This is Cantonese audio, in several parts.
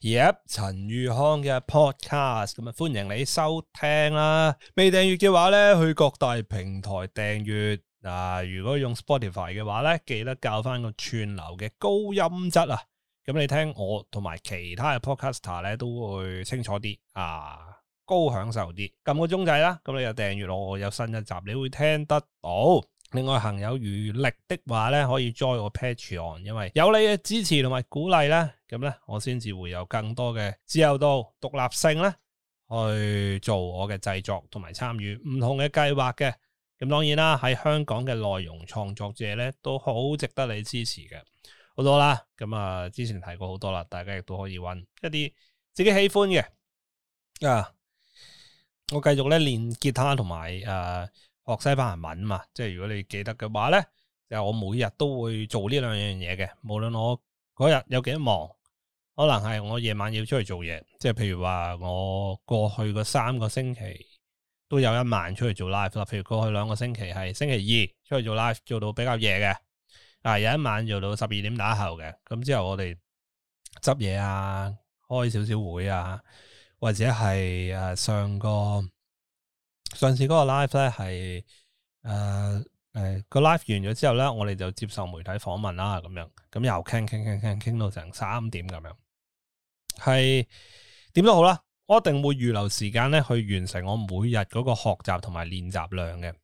Yep, 陳宇康嘅 podcast，咁啊歡迎你收聽啦！未訂閱嘅話咧，去各大平台訂閱、呃、如果用 Spotify 嘅話咧，記得教翻個串流嘅高音質啊！咁你聽我同埋其他嘅 podcaster 咧，都會清楚啲啊，高享受啲。撳個鐘仔啦，咁你又訂閱我，有新一集你會聽得到。另外，行有餘力的話咧，可以 join 我 Patreon，因為有你嘅支持同埋鼓勵咧，咁咧我先至會有更多嘅自由度、獨立性咧，去做我嘅製作同埋參與唔同嘅計劃嘅。咁當然啦，喺香港嘅內容創作者咧，都好值得你支持嘅。好多啦，咁啊，之前提過好多啦，大家亦都可以揾一啲自己喜歡嘅啊。我繼續咧練吉他同埋誒，呃學西班牙文嘛，即係如果你記得嘅話咧，就係，我每日都會做呢兩樣嘢嘅。無論我嗰日有幾多忙，可能係我夜晚要出去做嘢，即係譬如話我過去嗰三個星期都有一晚出去做 live 啦。譬如過去兩個星期係星期二出去做 live，做到比較夜嘅，啊有一晚做到十二點打後嘅。咁之後我哋執嘢啊，開少少會啊，或者係誒上個。上次嗰個 live 咧，係誒誒個 live 完咗之後咧，我哋就接受媒體訪問啦，咁樣咁又傾傾傾傾傾到成三點咁樣，係點都好啦，我一定會預留時間咧去完成我每日嗰個學習同埋練習量嘅。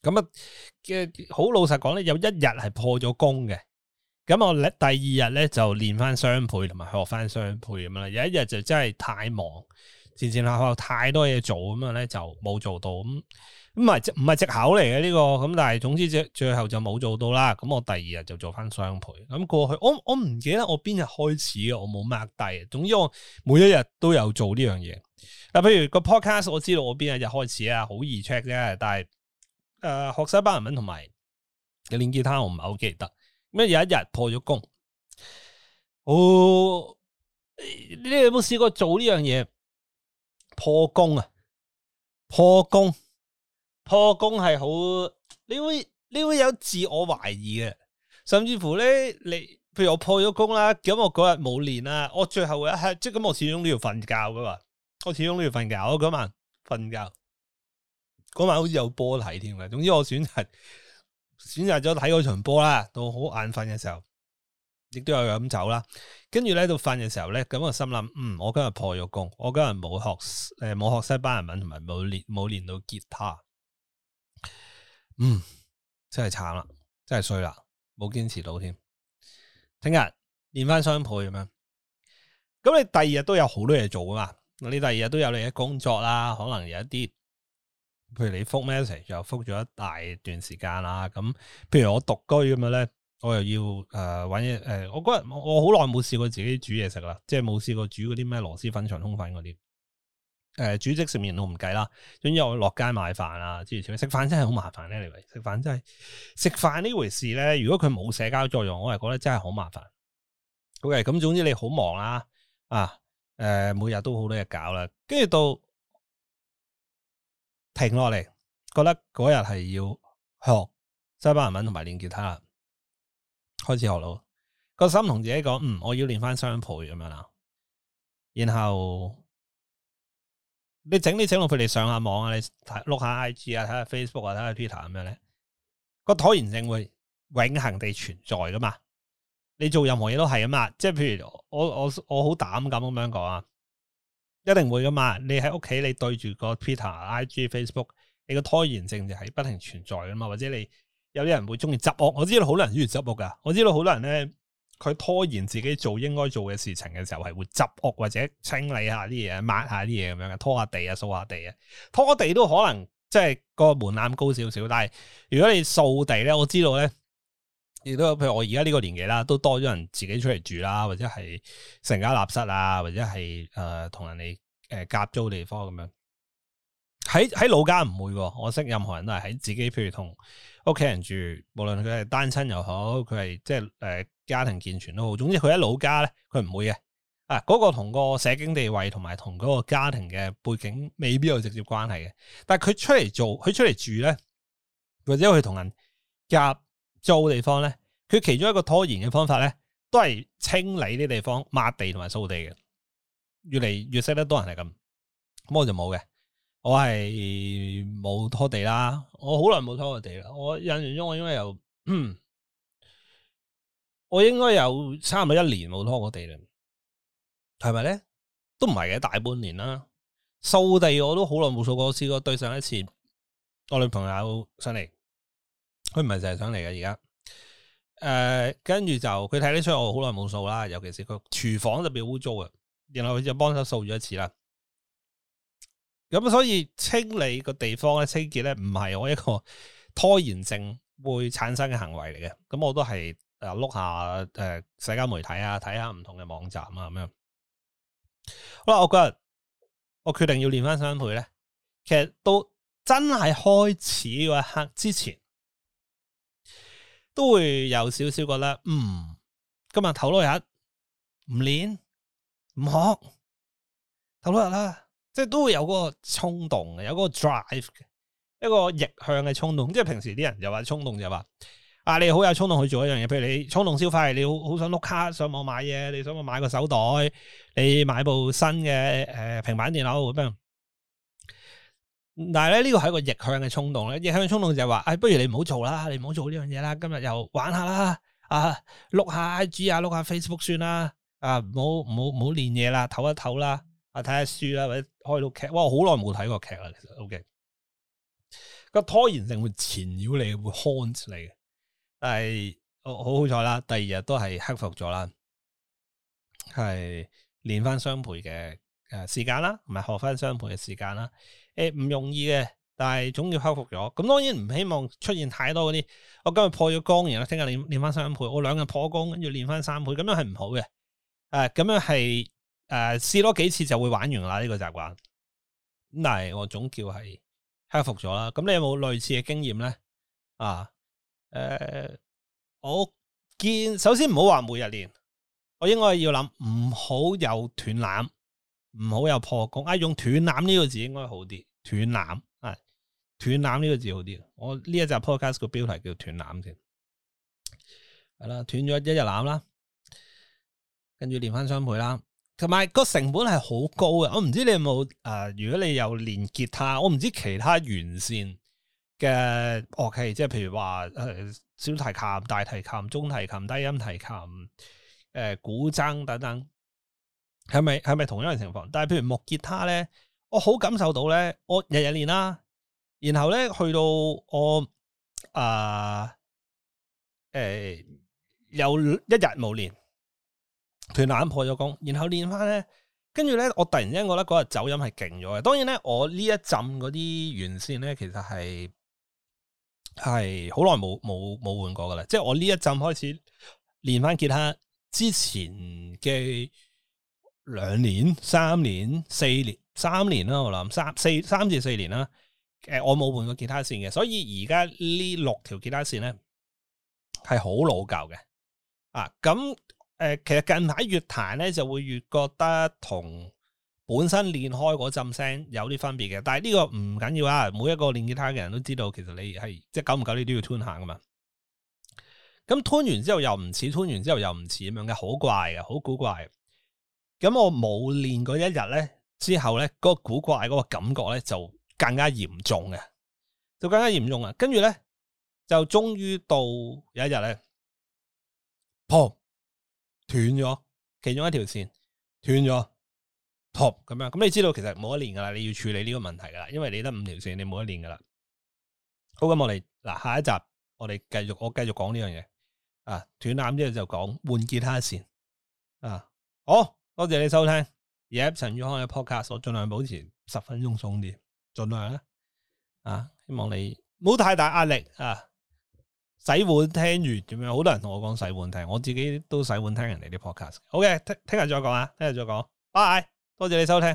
咁啊嘅好老實講咧，有一日係破咗功嘅，咁我第第二日咧就練翻雙倍同埋學翻雙倍咁樣啦。有一日就真係太忙。前前後後太多嘢做咁樣咧，就冇做到，咁唔係唔係借口嚟嘅呢個，咁但係總之最最後就冇做到啦。咁我第二日就做翻雙倍。咁過去我我唔記得我邊日開始我冇 mark 低。總之我每一日都有做呢樣嘢。啊，譬如個 podcast 我知道我邊日日開始啊，好易 check 啫。但係誒、呃，學西班牙文同埋嘅練吉他，我唔係好記得。咁有一日破咗工。哦，你有冇試過做呢樣嘢？破功啊！破功，破功係好，你會你會有自我懷疑嘅，甚至乎咧，你譬如我破咗功啦，咁我嗰日冇練啦，我最後會一刻，即咁，我始終都要瞓覺噶嘛，我始終都要瞓覺，我嗰晚瞓覺，嗰晚好似有波睇添嘅，總之我選擇選擇咗睇嗰場波啦，到好眼瞓嘅時候。亦都有飲酒啦，跟住咧到瞓嘅時候咧，咁我心諗，嗯，我今日破咗功，我今日冇學誒冇學西班牙文同埋冇練冇練到吉他，嗯，真係慘啦，真係衰啦，冇堅持到添。聽日練翻雙倍咁樣，咁你第二日都有好多嘢做噶嘛？你第二日都有你嘅工作啦，可能有一啲，譬如你覆 message 就覆咗一大段時間啦，咁，譬如我獨居咁樣咧。我又要誒、呃、搵嘢誒、呃，我嗰日我好耐冇試過自己煮嘢食啦，即係冇試過煮嗰啲咩螺螄粉、長通粉嗰啲。誒，煮即食麵都唔計啦，總之我落街買飯啊，之前食飯真係好麻煩咧、啊。你喂食飯真係食飯呢回事咧？如果佢冇社交作用，我係覺得真係好麻煩。Ok，咁總之你好忙啦、啊，啊，誒、呃，每日都好多嘢搞啦、啊，跟住到停落嚟，覺得嗰日係要學西班牙文同埋練吉他啦。開始學咯，個心同自己講，嗯，我要練翻雙倍咁樣啦。然後你整你整落佢哋上下網啊，你睇碌下 IG 啊，睇下 Facebook 啊，睇下 Twitter 咁樣咧，個拖延症會永恒地存在噶嘛。你做任何嘢都係啊嘛，即係譬如我我我好膽咁咁樣講啊，一定會噶嘛。你喺屋企你對住個 Twitter、IG、Facebook，你個拖延症就係不停存在噶嘛，或者你。有啲人會中意執屋，我知道好多人中意執屋噶。我知道好多人咧，佢拖延自己做應該做嘅事情嘅時候執，係會執屋或者清理下啲嘢，抹下啲嘢咁樣嘅，拖下地啊，掃下地啊。拖地都可能即係、就是、個門檻高少少，但係如果你掃地咧，我知道咧，亦都譬如我而家呢個年紀啦，都多咗人自己出嚟住啦，或者係成家立室啊，或者係誒同人哋誒夾租地方咁樣。喺喺老家唔會嘅，我識任何人都係喺自己，譬如同屋企人住，無論佢係單親又好，佢係即係誒家庭健全都好，總之佢喺老家咧，佢唔會嘅。啊，嗰個同個社經地位同埋同嗰個家庭嘅背景未必有直接關係嘅。但係佢出嚟做，佢出嚟住咧，或者佢同人夾租地方咧，佢其中一個拖延嘅方法咧，都係清理啲地方、抹地同埋掃地嘅。越嚟越識得多人係咁，咁我就冇嘅。我係冇拖地啦，我好耐冇拖過地啦。我印象中我應該有、嗯，我應該有，我應該有差唔多一年冇拖過地啦，係咪咧？都唔係嘅，大半年啦。掃地我都好耐冇掃過，試過對上一次，我女朋友上嚟，佢唔係成日上嚟嘅，而家、呃、。誒，跟住就佢睇得出我好耐冇掃啦，尤其是佢廚房特別污糟啊，然後佢就幫手掃咗一次啦。咁所以清理個地方咧，清潔咧，唔係我一個拖延症會產生嘅行為嚟嘅。咁我都係誒碌下誒社交媒體啊，睇下唔同嘅網站啊，咁樣。好啦，我覺得我決定要練翻十倍咧。其實到真係開始嗰一刻之前，都會有少少覺得，嗯，今日頭多日唔練唔學，頭多日啦。即係都會有嗰個衝動嘅，有嗰個 drive，一個逆向嘅衝動。即係平時啲人又話衝動就話，啊你好有衝動去做一樣嘢，譬如你衝動消費，你好好想碌卡上網買嘢，你想去買個手袋，你買部新嘅誒平板電腦咁樣。但係咧呢個係一個逆向嘅衝動咧，逆向衝動就係話，啊不如你唔好做啦，你唔好做呢樣嘢啦，今日又玩下啦，啊碌下 IG 啊碌下 Facebook 算啦，啊唔好唔好唔好練嘢啦，唞一唞啦。睇、啊、下書啦，或者開到劇。哇，好耐冇睇過劇啦。其實 O K。個、OK、拖延症會纏繞你，會 haunt 你嘅。但係我、哦、好好彩啦，第二日都係克服咗啦。係練翻雙倍嘅誒時間啦，唔係學翻雙倍嘅時間啦。誒、欸、唔容易嘅，但係總要克服咗。咁當然唔希望出現太多嗰啲。我今日破咗功然啦，聽日練練翻雙倍。我兩日破功，跟住練翻三倍，咁樣係唔好嘅。誒，咁樣係。誒、呃，試多幾次就會玩完啦。呢、這個習慣，但係我總叫係克服咗啦。咁你有冇類似嘅經驗咧？啊，誒、呃，我見首先唔好話每日練，我應該要諗，唔好有斷纜，唔好有破功。啊、哎，用斷纜呢個字應該好啲，斷纜啊，斷纜呢個字好啲。我呢一集 podcast 個標題叫斷纜先，係啦，斷咗一日纜啦，跟住練翻雙倍啦。同埋個成本係好高嘅，我唔知你有冇、呃、如果你有練吉他，我唔知其他弦線嘅樂器，即係譬如話、呃、小提琴、大提琴、中提琴、低音提琴、誒、呃、古箏等等，係咪係咪同樣嘅情況？但係譬如木吉他咧，我好感受到咧，我日日練啦，然後咧去到我啊、呃呃、有一日冇練。斷纜破咗功，然後練翻咧，跟住咧，我突然間覺得嗰日走音係勁咗嘅。當然咧，我呢一浸嗰啲原線咧，其實係係好耐冇冇冇換過噶啦。即係我呢一浸開始練翻吉他之前嘅兩年、三年、四年、三年啦，我諗三四三至四年啦。誒，我冇換過吉他線嘅，所以而家呢六條吉他線咧係好老舊嘅。啊，咁。誒，其實近排越彈咧，就會越覺得同本身練開嗰陣聲有啲分別嘅。但係呢個唔緊要啊，每一個練吉他嘅人都知道，其實你係即係久唔久，你都要吞下噶嘛。咁吞完之後又唔似，吞完之後又唔似咁樣嘅，好怪啊，好古怪。咁我冇練嗰一日咧之後咧，嗰、嗰個古怪嗰個感覺咧就更加嚴重嘅，就更加嚴重啊！跟住咧就終於到有一日咧，破。斷咗，其中一條線斷咗，top 咁樣，咁你知道其實冇一年噶啦，你要處理呢個問題噶啦，因為你得五條線，你冇一年噶啦。好咁，我哋嗱下一集我哋繼續，我繼續講呢樣嘢啊，斷纜之後就講換結他線啊。好多謝你收聽，而家陳宇康嘅 podcast，我盡量保持十分鐘送啲，盡量啦，啊，希望你冇太大壓力啊。洗碗聽完點樣？好多人同我講洗碗聽，我自己都洗碗聽人哋啲 podcast 嘅。OK 聽聽日再講啊，聽日再講，拜拜，多謝你收聽。